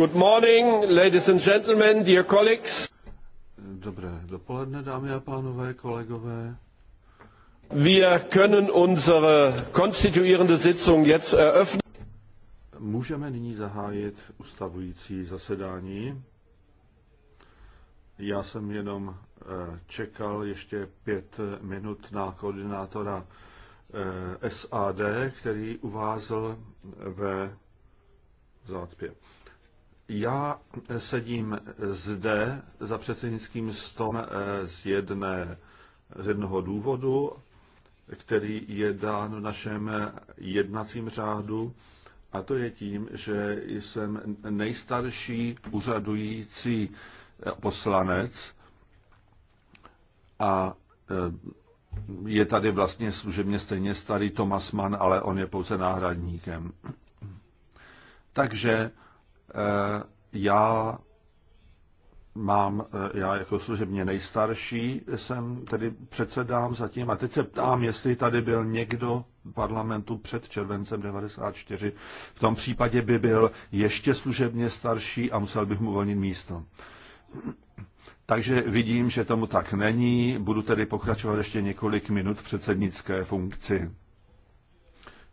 Good morning, ladies and gentlemen, dear colleagues. Dobré dopoledne, dámy a pánové, kolegové. Wir können unsere konstituierende Sitzung jetzt eröffnen. Můžeme nyní zahájit ustavující zasedání. Já jsem jenom eh, čekal ještě pět minut na koordinátora eh, SAD, který uvázl ve zátpě. Já sedím zde za předsednickým stolem eh, z, jedné, z jednoho důvodu, který je dán v našem jednacím řádu, a to je tím, že jsem nejstarší úřadující eh, poslanec a eh, je tady vlastně služebně stejně starý Thomas Mann, ale on je pouze náhradníkem. Takže Eh, já mám, eh, já jako služebně nejstarší jsem tedy předsedám zatím a teď se ptám, jestli tady byl někdo parlamentu před červencem 94. V tom případě by byl ještě služebně starší a musel bych mu volnit místo. Takže vidím, že tomu tak není. Budu tedy pokračovat ještě několik minut v předsednické funkci.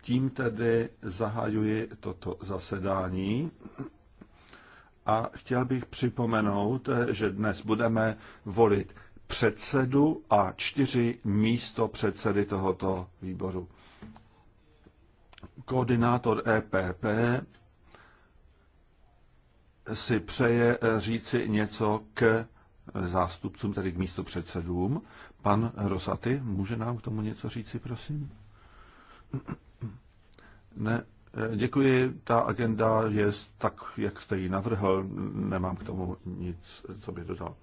Tím tedy zahajuji toto zasedání a chtěl bych připomenout, že dnes budeme volit předsedu a čtyři místo předsedy tohoto výboru. Koordinátor EPP si přeje říci něco k zástupcům, tedy k místopředsedům. Pan Rosaty, může nám k tomu něco říci, prosím? Ne, Děkuji, ta agenda je tak, jak jste ji navrhl, nemám k tomu nic, co bych dodal.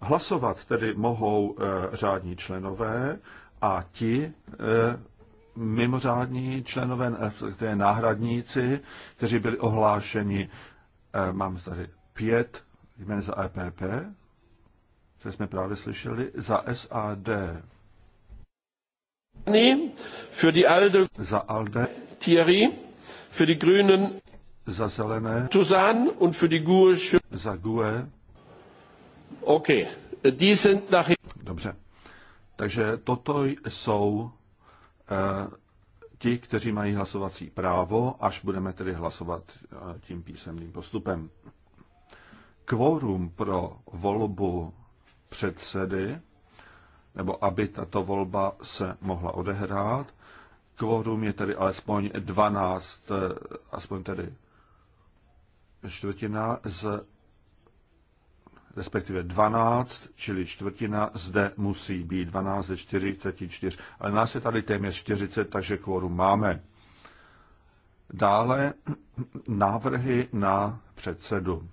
Hlasovat tedy mohou eh, řádní členové a ti eh, mimořádní členové, respektive eh, náhradníci, kteří byli ohlášeni, mám tady pět jmen za EPP, které jsme právě slyšeli, za SAD. Za ALDE. Thierry Für die Grünen za zelené. Tuzan und für die GUE. Za GUE. Okay. Die sind nach... Dobře. Takže toto jsou eh, ti, kteří mají hlasovací právo, až budeme tedy hlasovat eh, tím písemným postupem. Kvorum pro volbu předsedy, nebo aby tato volba se mohla odehrát, kvórum je tedy alespoň 12, eh, aspoň tedy čtvrtina z respektive 12, čili čtvrtina, zde musí být 12 ze 44. Ale nás je tady téměř 40, takže kvorum máme. Dále návrhy na předsedu.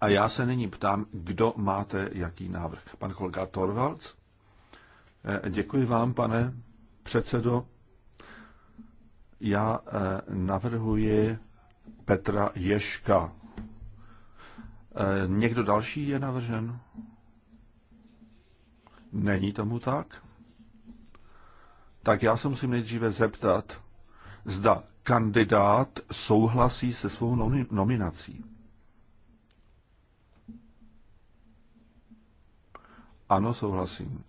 A já se nyní ptám, kdo máte jaký návrh. Pan kolega Torvalds? Eh, děkuji vám, pane předsedo. Já eh, navrhuji Petra Ješka. Eh, někdo další je navržen? Není tomu tak? Tak já se musím nejdříve zeptat, zda kandidát souhlasí se svou nominací. Ano, souhlasím.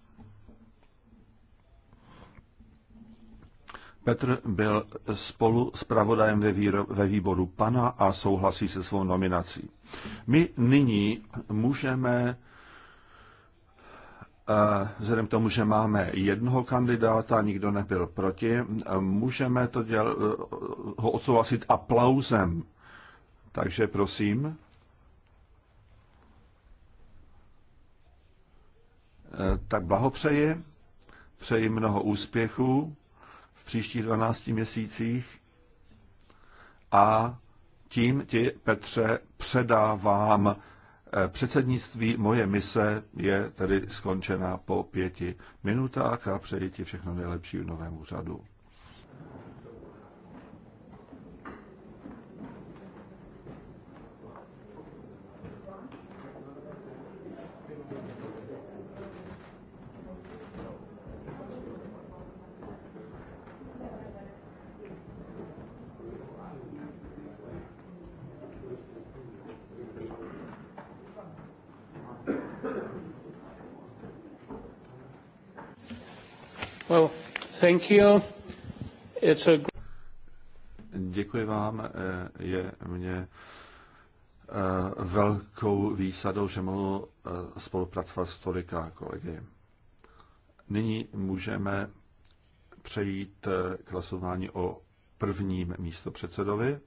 Petr byl spolu s pravodajem ve, výro, ve výboru pana a souhlasí se svou nominací. My nyní můžeme, eh, vzhledem k tomu, že máme jednoho kandidáta, nikdo nebyl proti, eh, můžeme to děl, eh, ho odsouhlasit aplauzem. Takže prosím. Tak blahopřeji, přeji mnoho úspěchů příštích 12 měsících a tím ti, Petře, předávám eh, předsednictví. Moje mise je tedy skončena po pěti minutách a přeji ti všechno nejlepší v novém úřadu. Děkuji vám. Eh, je mě eh, velkou výsadou, že mohu eh, spolupracovat s tolika kolegy. Nyní můžeme přejít k hlasování o prvním místo předsedovi.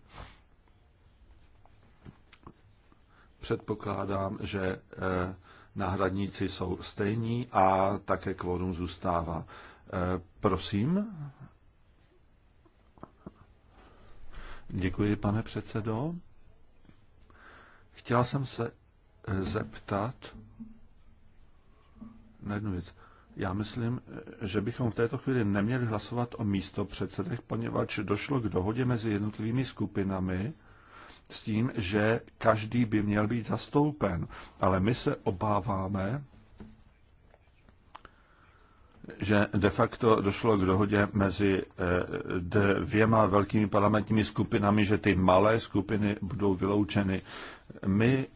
Předpokládám, že náhradníci jsou stejní a také kvorum zůstává. Prosím. Děkuji, pane předsedo. Chtěla jsem se zeptat na jednu věc. Já myslím, že bychom v této chvíli neměli hlasovat o místo předsedech, poněvadž došlo k dohodě mezi jednotlivými skupinami s tím, že každý by měl být zastoupen. Ale my se obáváme, že de facto došlo k dohodě mezi eh, dvěma velkými parlamentními skupinami, že ty malé skupiny budou vyloučeny. My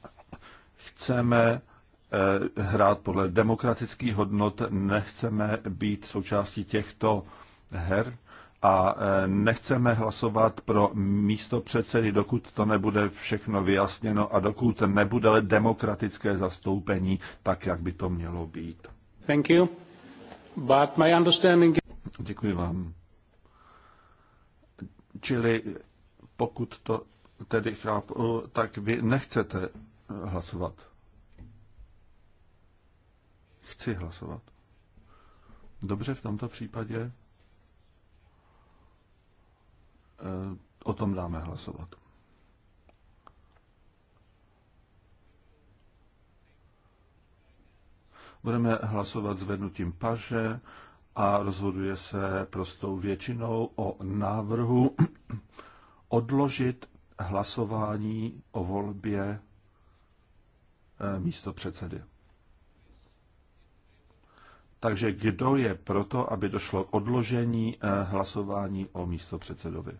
chceme eh, hrát podle demokratických hodnot, nechceme být součástí těchto her a eh, nechceme hlasovat pro místo předsedy, dokud to nebude všechno vyjasněno a dokud nebude demokratické zastoupení tak, jak by to mělo být. Thank you. But my understanding... Děkuji vám. Čili pokud to tedy chápu, tak vy nechcete hlasovat. Chci hlasovat. Dobře, v tomto případě eh, o tom dáme hlasovat. Budeme hlasovat zvednutím paže a rozhoduje se prostou většinou o návrhu odložit hlasování o volbě eh, místo předsedy. Takže kdo je proto, aby došlo k odložení eh, hlasování o místo předsedovi?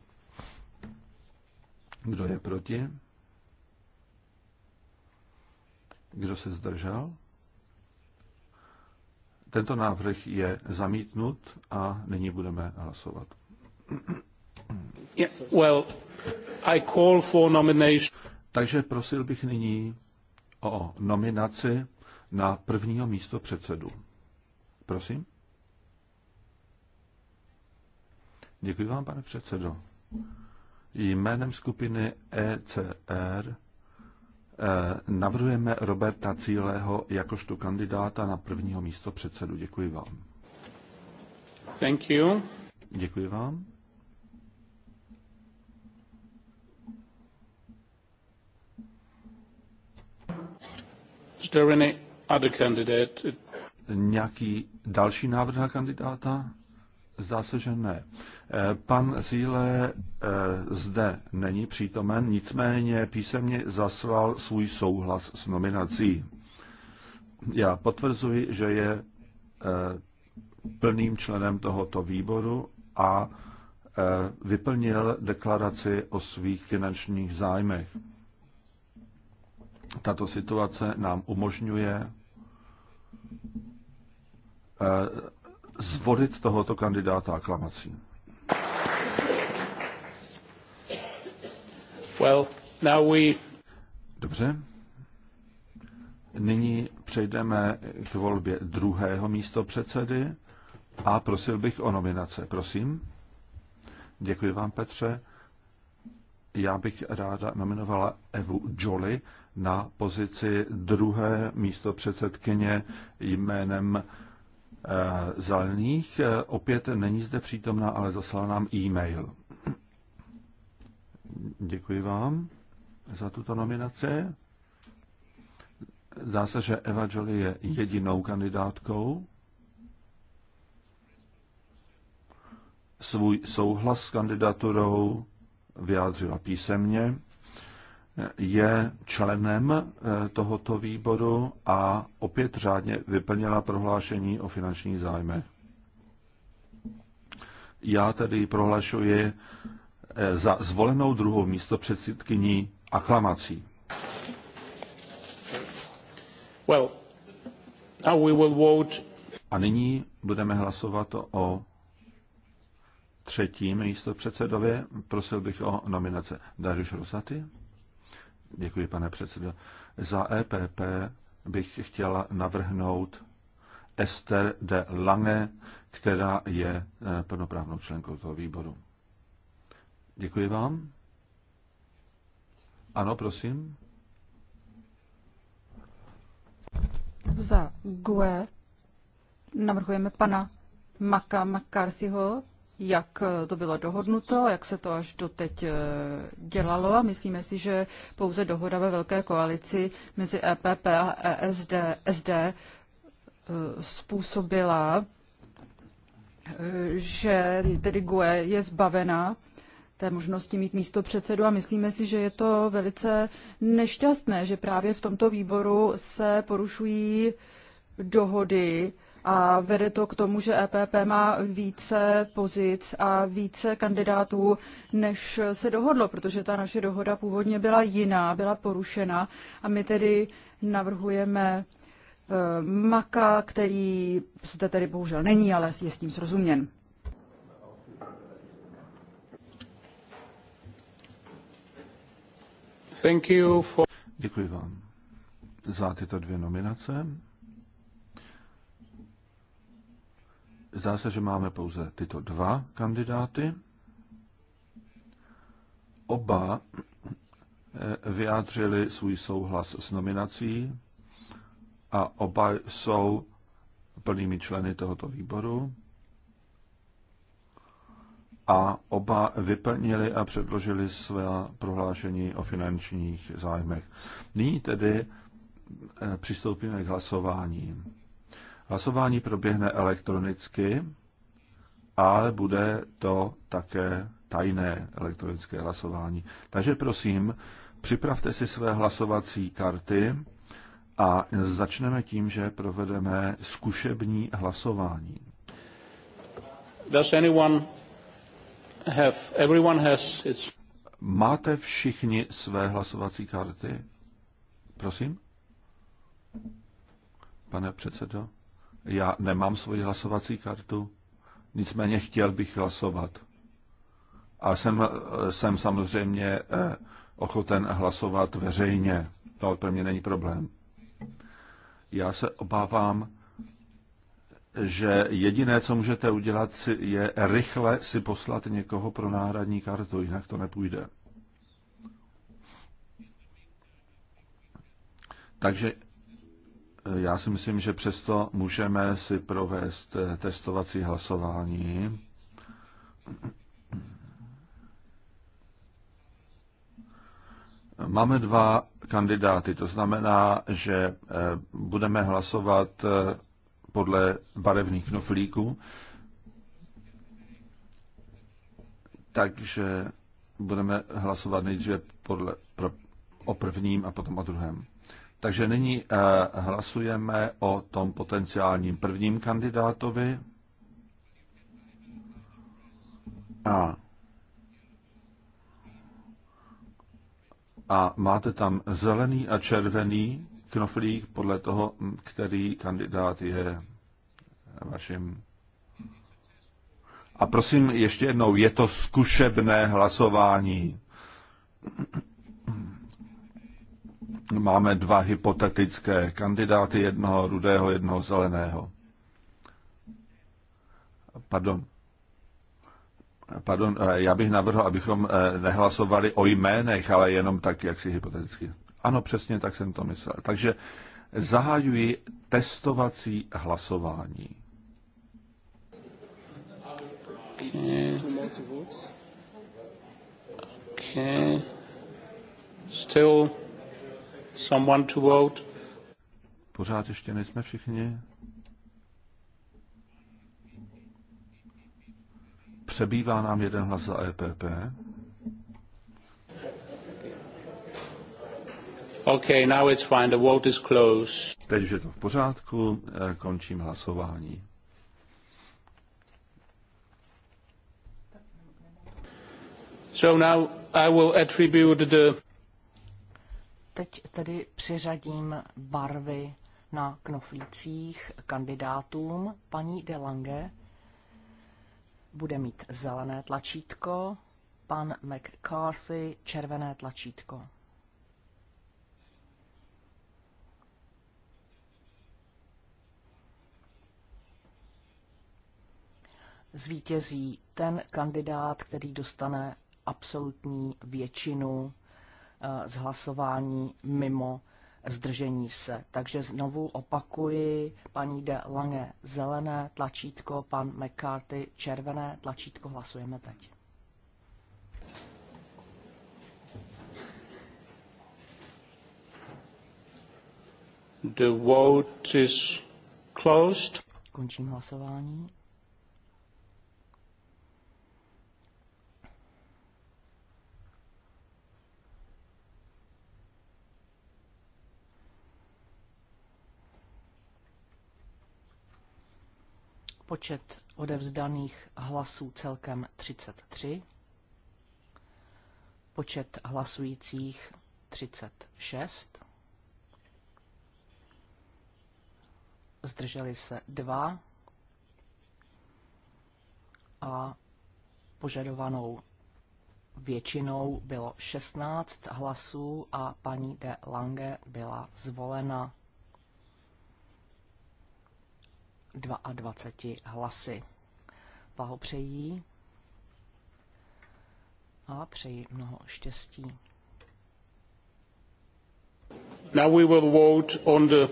Kdo je proti? Kdo se zdržel? Tento návrh je zamítnut a nyní budeme hlasovat. Yeah, well, I call for nomination. Takže prosil bych nyní o nominaci na prvního místo předsedu. Prosím. Děkuji vám, pane předsedo. Jménem skupiny ECR Eh, navrhujeme Roberta Cílého jakožto kandidáta na prvního místo předsedu. Děkuji vám. Thank you. Děkuji vám. Is there any other candidate? Nějaký další návrh na kandidáta? Zdá se, že ne. Pan Zíle eh, zde není přítomen, nicméně písemně zaslal svůj souhlas s nominací. Já potvrzuji, že je eh, plným členem tohoto výboru a eh, vyplnil deklaraci o svých finančních zájmech. Tato situace nám umožňuje zvolit tohoto kandidáta aklamacím. Dobře. Nyní přejdeme k volbě druhého místo předsedy a prosil bych o nominace. Prosím. Děkuji vám, Petře. Já bych ráda nominovala Evu Jolly na pozici druhé místo předsedkyně jménem eh, zelených. Opět není zde přítomná, ale zaslala nám e-mail. Děkuji vám za tuto nominaci. Zdá se, že Eva Jolie je jedinou kandidátkou. Svůj souhlas s kandidaturou vyjádřila písemně. Je členem eh, tohoto výboru a opět řádně vyplnila prohlášení o finančních zájmech. Já tedy prohlašuji Eh, za zvolenou druhou místo předsedkyní aklamací. Well, now we will vote. A nyní budeme hlasovat o třetím místo předsedově. Prosil bych o nominace Darius Rosaty. Děkuji, pane předsedo. Za EPP bych chtěla navrhnout Esther de Lange, která je eh, plnoprávnou členkou toho výboru. Děkuji vám. Ano, prosím. Za GUE navrhujeme pana Maka McCarthyho, jak to bylo dohodnuto, jak se to až doteď eh, dělalo a myslíme si, že pouze dohoda ve velké koalici mezi EPP a ESD, SD eh, způsobila, eh, že tedy GUE je zbavena té možnosti mít místo předsedu a myslíme si, že je to velice nešťastné, že právě v tomto výboru se porušují dohody a vede to k tomu, že EPP má více pozic a více kandidátů, než se dohodlo, protože ta naše dohoda původně byla jiná, byla porušena a my tedy navrhujeme eh, Maka, který zde tedy bohužel není, ale je s tím srozuměn. Thank you for... Děkuji vám za tyto dvě nominace. Zdá se, že máme pouze tyto dva kandidáty. Oba eh, vyjádřili svůj souhlas s nominací a oba jsou plnými členy tohoto výboru a oba vyplnili a předložili své prohlášení o finančních zájmech. Nyní tedy eh, přistoupíme k hlasování. Hlasování proběhne elektronicky, ale bude to také tajné elektronické hlasování. Takže prosím, připravte si své hlasovací karty a začneme tím, že provedeme zkušební hlasování. Does anyone Máte všichni své hlasovací karty? Prosím? Pane předsedo, já nemám svoji hlasovací kartu, nicméně chtěl bych hlasovat. A jsem, jsem samozřejmě eh, ochoten hlasovat veřejně. To pro mě není problém. Já se obávám, že jediné, co můžete udělat, je rychle si poslat někoho pro náhradní kartu, jinak to nepůjde. Takže eh, já si myslím, že přesto můžeme si provést eh, testovací hlasování. Máme dva kandidáty, to znamená, že eh, budeme hlasovat podle barevných knoflíků. Takže budeme hlasovat nejdříve podle, pro, o prvním a potom o druhém. Takže nyní eh, hlasujeme o tom potenciálním prvním kandidátovi. A, a máte tam zelený a červený knoflík podle toho, který kandidát je vaším. A prosím ještě jednou, je to zkušebné hlasování. Máme dva hypotetické kandidáty, jednoho rudého, jednoho zeleného. Pardon. Pardon, eh, já bych navrhl, abychom eh, nehlasovali o jménech, ale jenom tak, jak si hypoteticky. Ano, přesně tak jsem to myslel. Takže zahajuji testovací hlasování. Okay. Still someone to vote. Pořád ještě nejsme všichni. Přebývá nám jeden hlas za EPP. Okay, now it's fine. The vote is closed. Teď už je to v pořádku, eh, končím hlasování. So now I will attribute the... Teď tedy přiřadím barvy na knoflících kandidátům. Paní Delange bude mít zelené tlačítko, pan McCarthy červené tlačítko. zvítězí ten kandidát, který dostane absolutní většinu eh, z hlasování mimo zdržení se. Takže znovu opakuji, paní de Lange zelené tlačítko, pan McCarthy červené tlačítko, hlasujeme teď. The vote is closed. Končím hlasování. Počet odevzdaných hlasů celkem 33. Počet hlasujících 36. Zdrželi se 2. A požadovanou většinou bylo 16 hlasů a paní de Lange byla zvolena 22 hlasy. Blahopřejí a přeji mnoho štěstí. Now we will vote on the...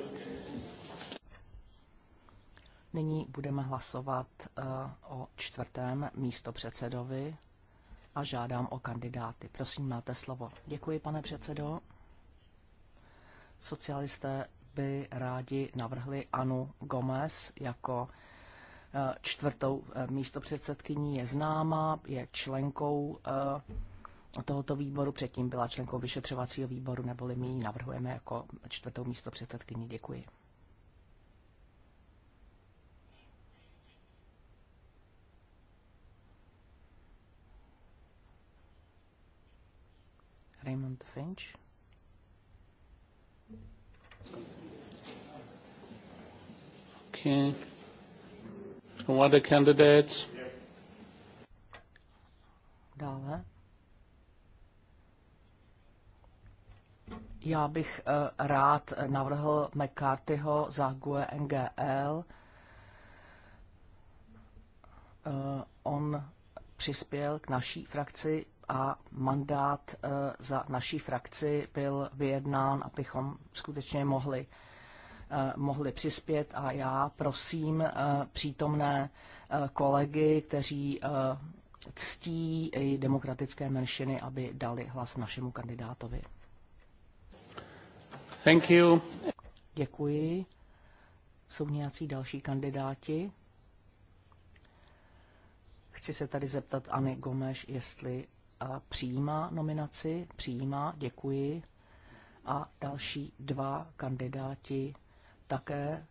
Nyní budeme hlasovat uh, o čtvrtém místo předsedovi a žádám o kandidáty. Prosím, máte slovo. Děkuji, pane předsedo. Socialisté by rádi navrhli Anu Gomez jako eh, čtvrtou eh, místopředsedkyní. Je známá, je členkou eh, tohoto výboru, předtím byla členkou vyšetřovacího výboru, neboli my ji navrhujeme jako čtvrtou místopředsedkyni. Děkuji. Raymond Finch. Okay. Who are the candidates? Dále. Já bych eh, rád navrhl McCarthyho za GUE NGL. Eh, on přispěl k naší frakci a mandát eh, za naší frakci byl vyjednán, abychom skutečně mohli eh, mohli přispět a já prosím eh, přítomné kolegy, kteří ctí i demokratické menšiny, aby dali hlas našemu kandidátovi. Thank you. Děkuji. Jsou nějací další kandidáti? Chci se tady zeptat Anny Gomeš, jestli a přijímá nominaci, přijímá, děkuji. A další dva kandidáti také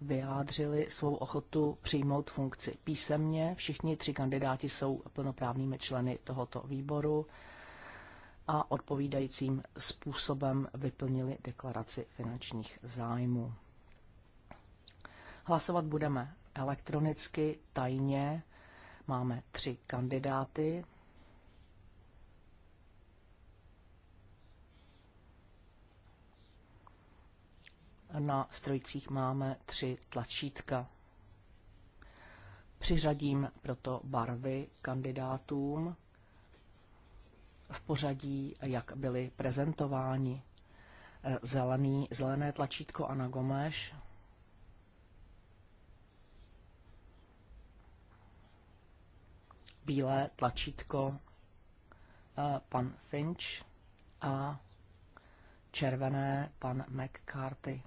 vyjádřili svou ochotu přijmout funkci písemně. Všichni tři kandidáti jsou plnoprávnými členy tohoto výboru a odpovídajícím způsobem vyplnili deklaraci finančních zájmů. Hlasovat budeme elektronicky, tajně. Máme tři kandidáty. na strojcích máme tři tlačítka. Přiřadím proto barvy kandidátům v pořadí, jak byly prezentováni. Eh, zelený, zelené tlačítko Ana Gomeš, bílé tlačítko eh, pan Finch a červené pan McCarthy.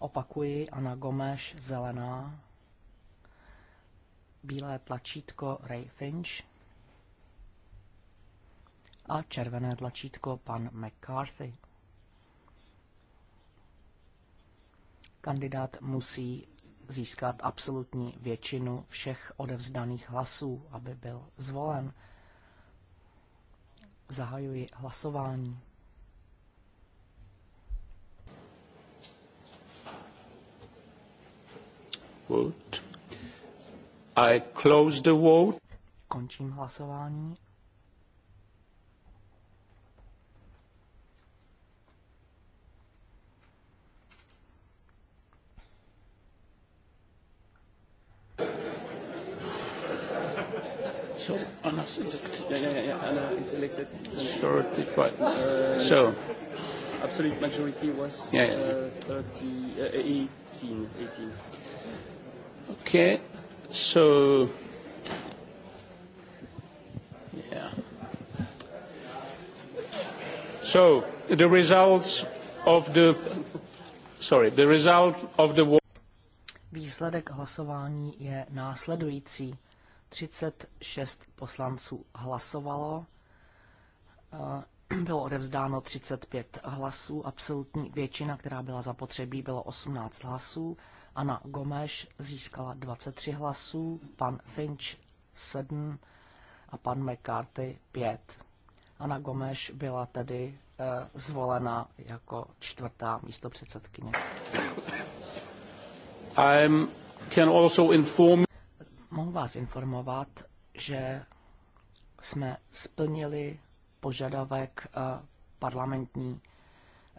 Opakuji, Ana Gomeš, zelená, bílé tlačítko Ray Finch a červené tlačítko pan McCarthy. Kandidát musí získat absolutní většinu všech odevzdaných hlasů, aby byl zvolen. Zahajuji hlasování. vote. I close the vote. Končím hlasování. So Anna's Yeah, yeah, yeah. Uh, so. Absolute majority was yeah, yeah. Uh, 30, uh, 18. 18. Okay, so yeah. So the results of the sorry, the result of the Výsledek hlasování je následující. 36 poslanců hlasovalo, eh, bylo odevzdáno 35 hlasů, absolutní většina, která byla zapotřebí, bylo 18 hlasů Ana Gomeš získala 23 hlasů, pan Finch 7 a pan McCarthy 5. Ana Gomeš byla tedy e, zvolena jako čtvrtá místo předsedkyně. can also inform... Mohu vás informovat, že jsme splnili požadavek e, parlamentní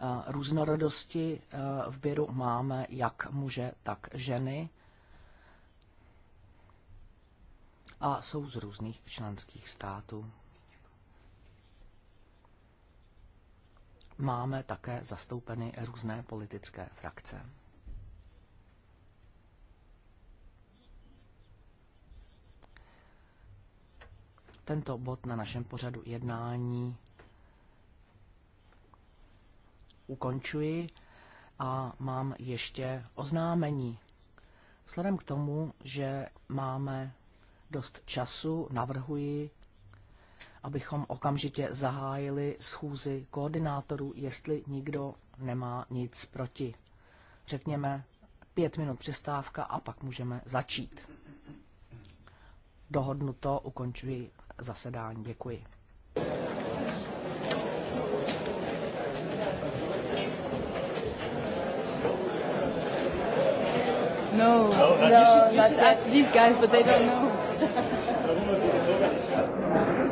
Eh, různorodosti eh, v Běru máme jak muže, tak ženy a jsou z různých členských států. Máme také zastoupeny různé politické frakce. Tento bod na našem pořadu jednání ukončuji a mám ještě oznámení. Vzhledem k tomu, že máme dost času, navrhuji, abychom okamžitě zahájili schůzi koordinátorů, jestli nikdo nemá nic proti. Řekněme pět minut přestávka a pak můžeme začít. Dohodnuto, ukončuji zasedání. Děkuji. No, no, no, you should, you should ask these guys, but they don't know.